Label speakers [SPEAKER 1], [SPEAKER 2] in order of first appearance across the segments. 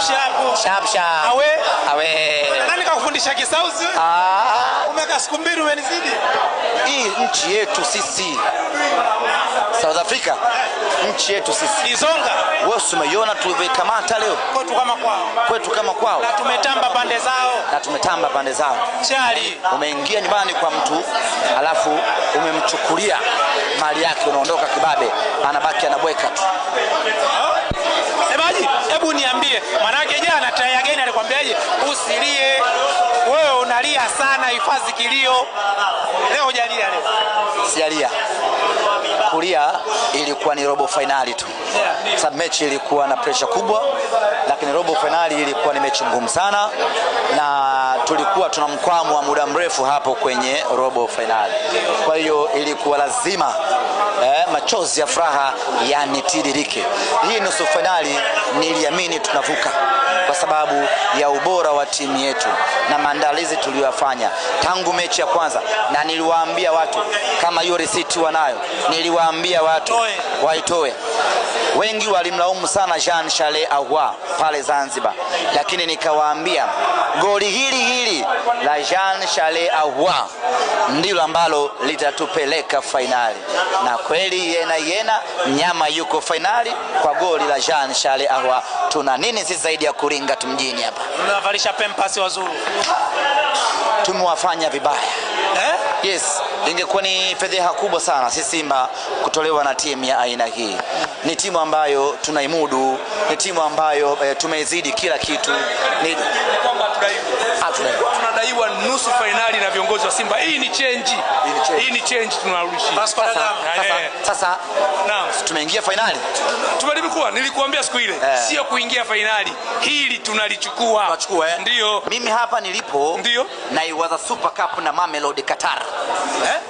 [SPEAKER 1] sharp
[SPEAKER 2] sharp sharp Awe awe,
[SPEAKER 1] nani kakufundisha Kisauzi?
[SPEAKER 2] Ah,
[SPEAKER 1] umeka siku mbili umenizidi.
[SPEAKER 2] Hii nchi yetu sisi South Africa, nchi yetu sisi Izonga. Wewe umeiona tulivyokamata leo
[SPEAKER 1] kwetu kama kwao,
[SPEAKER 2] kwetu kama kwao, na
[SPEAKER 1] tumetamba pande zao,
[SPEAKER 2] na tumetamba pande zao. Chali, umeingia nyumbani kwa mtu alafu umemchukulia mali yake, unaondoka kibabe, anabaki anabweka tu
[SPEAKER 1] manake jana tayari gani alikwambiaje? Usilie wewe, unalia sana, hifadhi kilio. Leo hujalia leo?
[SPEAKER 2] Sijalia kutangulia ilikuwa ni robo fainali tu, sababu mechi ilikuwa na presha kubwa, lakini robo fainali ilikuwa ni mechi ngumu sana, na tulikuwa tuna mkwamo wa muda mrefu hapo kwenye robo fainali. Kwa hiyo ilikuwa lazima eh, machozi ya furaha yanitiririke. Hii nusu fainali niliamini tunavuka kwa sababu ya ubora wa timu yetu na maandalizi tuliyofanya tangu mechi ya kwanza, na niliwaambia watu kama hiyo risiti wanayo, niliwaambia watu waitoe. Wengi walimlaumu sana Jean Charles Ahoua pale Zanzibar, lakini nikawaambia goli hili hili la Jean Charles Ahoua ndilo ambalo litatupeleka fainali, na kweli Yena Yena nyama yuko fainali kwa goli la Jean Charles Ahoua. Tuna nini sisi zaidi ya kuringa tumjini hapa?
[SPEAKER 1] Mnawavalisha pempasi wazuri,
[SPEAKER 2] tumewafanya vibaya eh? Yes lingekuwa ni fedheha kubwa sana si Simba kutolewa na timu ya aina hii. Ni timu ambayo tunaimudu, ni timu ambayo e, tumeizidi kila kitu ni... Ah,
[SPEAKER 1] tunaiwa nusu fainali na viongozi wa Simba. Hii ni change, hii ni change, tunarudishia.
[SPEAKER 2] Sasa eh, eh. sasa, naam, tumeingia fainali,
[SPEAKER 1] tumelikuwa nilikuambia siku ile eh, sio kuingia fainali, hili tunalichukua, tunachukua eh? Ndio
[SPEAKER 2] mimi hapa nilipo, ndio naiwaza Super Cup na Mamelodi Qatar.
[SPEAKER 1] eh?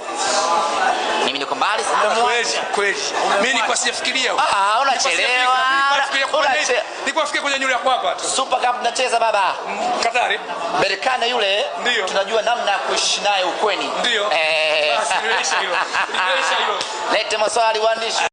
[SPEAKER 1] kweli. Mimi nikuasifikiria.
[SPEAKER 2] Ah, hauna chelewa.
[SPEAKER 1] Nikuafikia kwenye nyule yako hapa tu.
[SPEAKER 2] Super Cup tunacheza baba.
[SPEAKER 1] Katari. Mm,
[SPEAKER 2] Berkane yule tunajua namna ya kuishi naye ukweni. Ndio. Eh.
[SPEAKER 1] Basi nilisha hilo. Nilisha hilo.
[SPEAKER 2] Lete maswali waandishi.